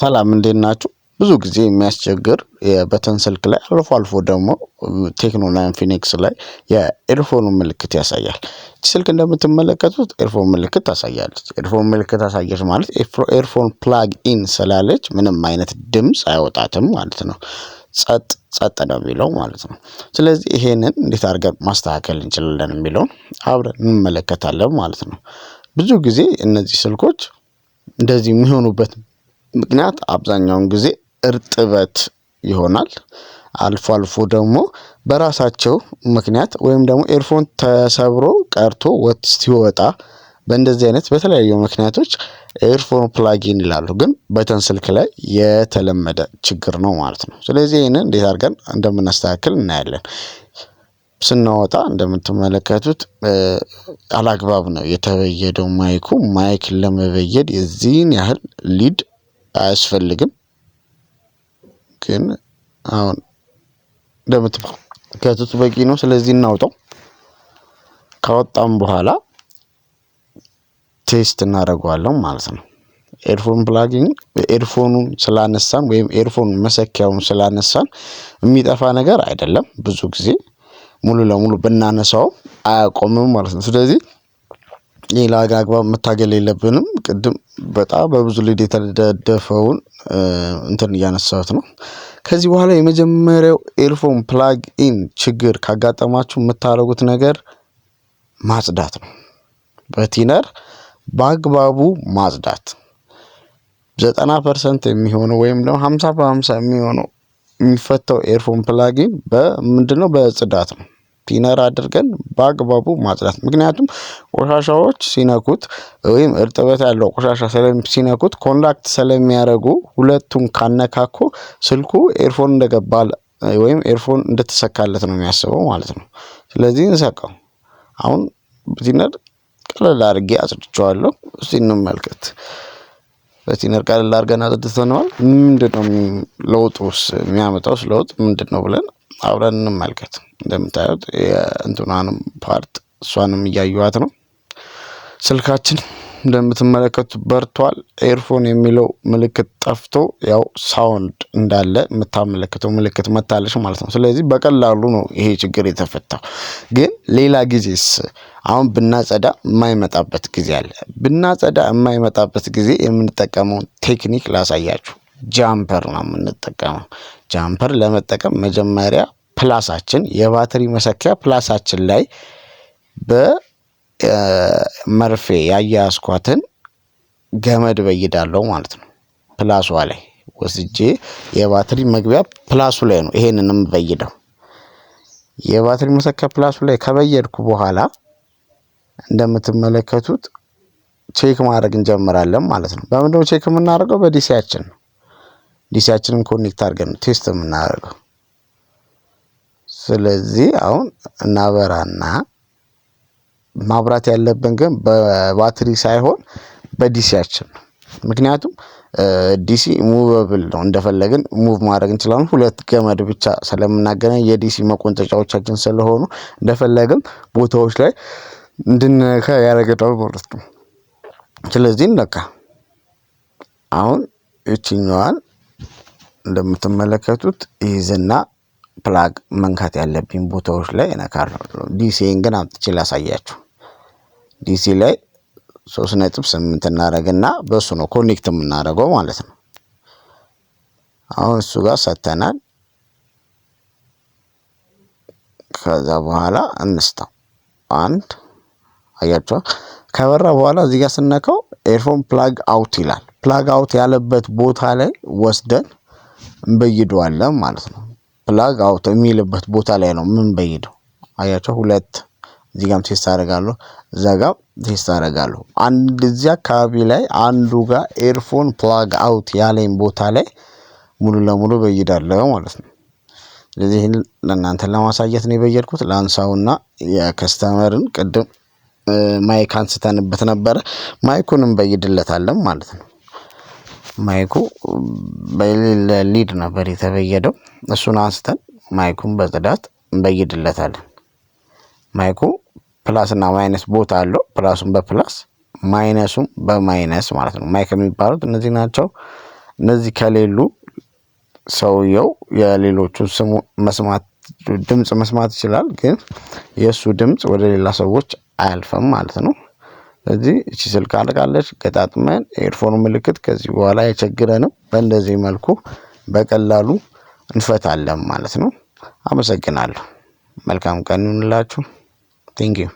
ሰላም እንዴት ናችሁ? ብዙ ጊዜ የሚያስቸግር የበተን ስልክ ላይ አልፎ አልፎ ደግሞ ቴክኖ ናይን ፊኒክስ ላይ የኤርፎኑ ምልክት ያሳያል። ስልክ እንደምትመለከቱት ኤርፎን ምልክት ታሳያለች። ኤርፎን ምልክት ታሳያች ማለት ኤርፎን ፕላግ ኢን ስላለች ምንም አይነት ድምፅ አይወጣትም ማለት ነው። ጸጥ ጸጥ ነው የሚለው ማለት ነው። ስለዚህ ይሄንን እንዴት አድርገን ማስተካከል እንችላለን የሚለውን አብረን እንመለከታለን ማለት ነው። ብዙ ጊዜ እነዚህ ስልኮች እንደዚህ የሚሆኑበት ምክንያት አብዛኛውን ጊዜ እርጥበት ይሆናል። አልፎ አልፎ ደግሞ በራሳቸው ምክንያት ወይም ደግሞ ኤርፎን ተሰብሮ ቀርቶ ወጥ ሲወጣ በእንደዚህ አይነት በተለያዩ ምክንያቶች ኤርፎን ፕላጊን ይላሉ። ግን በተን ስልክ ላይ የተለመደ ችግር ነው ማለት ነው። ስለዚህ ይህንን እንዴት አድርገን እንደምናስተካክል እናያለን። ስናወጣ እንደምትመለከቱት አላግባብ ነው የተበየደው ማይኩ። ማይክ ለመበየድ የዚህን ያህል ሊድ አያስፈልግም። ግን አሁን ከቱት በቂ ነው። ስለዚህ እናውጣው። ካወጣም በኋላ ቴስት እናደርገዋለን ማለት ነው። ኤርፎን ፕላጊንግ ኤርፎኑን ስላነሳን ወይም ኤርፎን መሰኪያውን ስላነሳን የሚጠፋ ነገር አይደለም። ብዙ ጊዜ ሙሉ ለሙሉ ብናነሳውም አያቆምም ማለት ነው። ስለዚህ ሌላ አግባብ መታገል የለብንም ቅድም በጣም በብዙ ሊድ የተደደፈውን እንትን እያነሳሁት ነው። ከዚህ በኋላ የመጀመሪያው ኤርፎን ፕላግ ኢን ችግር ካጋጠማችሁ የምታደርጉት ነገር ማጽዳት ነው። በቲነር በአግባቡ ማጽዳት ዘጠና ፐርሰንት የሚሆነው ወይም ደግሞ ሀምሳ በሀምሳ የሚሆነው የሚፈታው ኤርፎን ፕላግን በምንድነው በጽዳት ነው። ቲነር አድርገን በአግባቡ ማጽዳት። ምክንያቱም ቆሻሻዎች ሲነኩት ወይም እርጥበት ያለው ቆሻሻ ሲነኩት ኮንዳክት ስለሚያደርጉ ሁለቱን ካነካኮ ስልኩ ኤርፎን እንደገባ ወይም ኤርፎን እንደተሰካለት ነው የሚያስበው ማለት ነው። ስለዚህ እንሰቀው። አሁን በቲነር ቀለል አድርጌ አጽድቼዋለሁ። እስቲ እንመልከት። በቲነር ቀለል አድርገን አጽድተነዋል። ምንድነው ለውጡስ የሚያመጣውስ ለውጥ ምንድነው ብለን አብረን እንመልከት። እንደምታዩት የእንትኗንም ፓርት እሷንም እያዩዋት ነው። ስልካችን እንደምትመለከቱ በርቷል። ኤርፎን የሚለው ምልክት ጠፍቶ ያው ሳውንድ እንዳለ የምታመለክተው ምልክት መታለች ማለት ነው። ስለዚህ በቀላሉ ነው ይሄ ችግር የተፈታው። ግን ሌላ ጊዜስ አሁን ብናጸዳ የማይመጣበት ጊዜ አለ። ብናጸዳ የማይመጣበት ጊዜ የምንጠቀመውን ቴክኒክ ላሳያችሁ። ጃምፐር ነው የምንጠቀመው። ጃምፐር ለመጠቀም መጀመሪያ ፕላሳችን የባትሪ መሰኪያ ፕላሳችን ላይ በመርፌ ያያያዝኳትን ገመድ በይዳለው ማለት ነው። ፕላሷ ላይ ወስጄ የባትሪ መግቢያ ፕላሱ ላይ ነው ይሄንንም በይደው። የባትሪ መሰኪያ ፕላሱ ላይ ከበየድኩ በኋላ እንደምትመለከቱት ቼክ ማድረግ እንጀምራለን ማለት ነው። በምንድነው ቼክ የምናደርገው? በዲሲያችን ነው። ዲሲያችንን ኮኔክት አድርገን ቴስት የምናደርገው። ስለዚህ አሁን እናበራና ማብራት ያለብን ግን በባትሪ ሳይሆን በዲሲያችን ነው። ምክንያቱም ዲሲ ሙቨብል ነው። እንደፈለግን ሙቭ ማድረግ እንችላለን። ሁለት ገመድ ብቻ ስለምናገናኝ የዲሲ መቆንጠጫዎቻችን ስለሆኑ እንደፈለግን ቦታዎች ላይ እንድንነካ ያደረገናል ማለት ነው። ስለዚህ እነካ አሁን እችኛዋን እንደምትመለከቱት ይዝና ፕላግ መንካት ያለብኝ ቦታዎች ላይ እነካለሁ። ዲሲን ግን አምጥቼ ላሳያችሁ። ዲሲ ላይ ሶስት ነጥብ ስምንት እናደርግና በእሱ ነው ኮኔክት የምናደርገው ማለት ነው። አሁን እሱ ጋር ሰተናል። ከዛ በኋላ እንስታው አንድ አያቸዋ ከበራ በኋላ እዚህ ጋር ስነካው ኤርፎን ፕላግ አውት ይላል። ፕላግ አውት ያለበት ቦታ ላይ ወስደን እንበይደዋለን ማለት ነው። ፕላግ አውት የሚልበት ቦታ ላይ ነው የምንበይደው። አያቸው ሁለት እዚጋም ቴስት አደርጋለሁ፣ እዛ ጋም ቴስት አደርጋለሁ። አንድ እዚህ አካባቢ ላይ አንዱ ጋር ኤርፎን ፕላግ አውት ያለኝ ቦታ ላይ ሙሉ ለሙሉ በይዳለሁ ማለት ነው። ስለዚህ ለእናንተ ለማሳየት ነው የበየድኩት። ለአንሳውና የከስተመርን ቅድም ማይክ አንስተንበት ነበረ። ማይኩንም በይድለታለን ማለት ነው። ማይኩ ሊድ ነበር የተበየደው እሱን አንስተን ማይኩን በጽዳት እንበይድለታለን። ማይኩ ፕላስ እና ማይነስ ቦታ አለው ፕላሱን በፕላስ ማይነሱም በማይነስ ማለት ነው። ማይክ የሚባሉት እነዚህ ናቸው። እነዚህ ከሌሉ ሰውየው የሌሎቹ ስሙ መስማት ድምፅ መስማት ይችላል፣ ግን የእሱ ድምፅ ወደ ሌላ ሰዎች አያልፍም ማለት ነው። ስለዚህ እቺ ስልክ አልቃለች ገጣጥመን ኤርፎን ምልክት ከዚህ በኋላ አይቸግረንም። በእንደዚህ መልኩ በቀላሉ እንፈታለን ማለት ነው። አመሰግናለሁ። መልካም ቀን ይሁንላችሁ። ቴንኪው